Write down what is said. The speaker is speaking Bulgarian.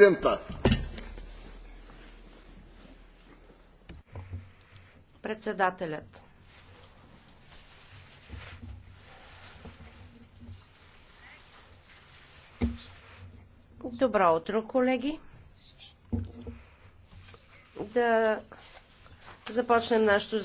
Президента. Председателят. Добро утро, колеги. Да започнем нашето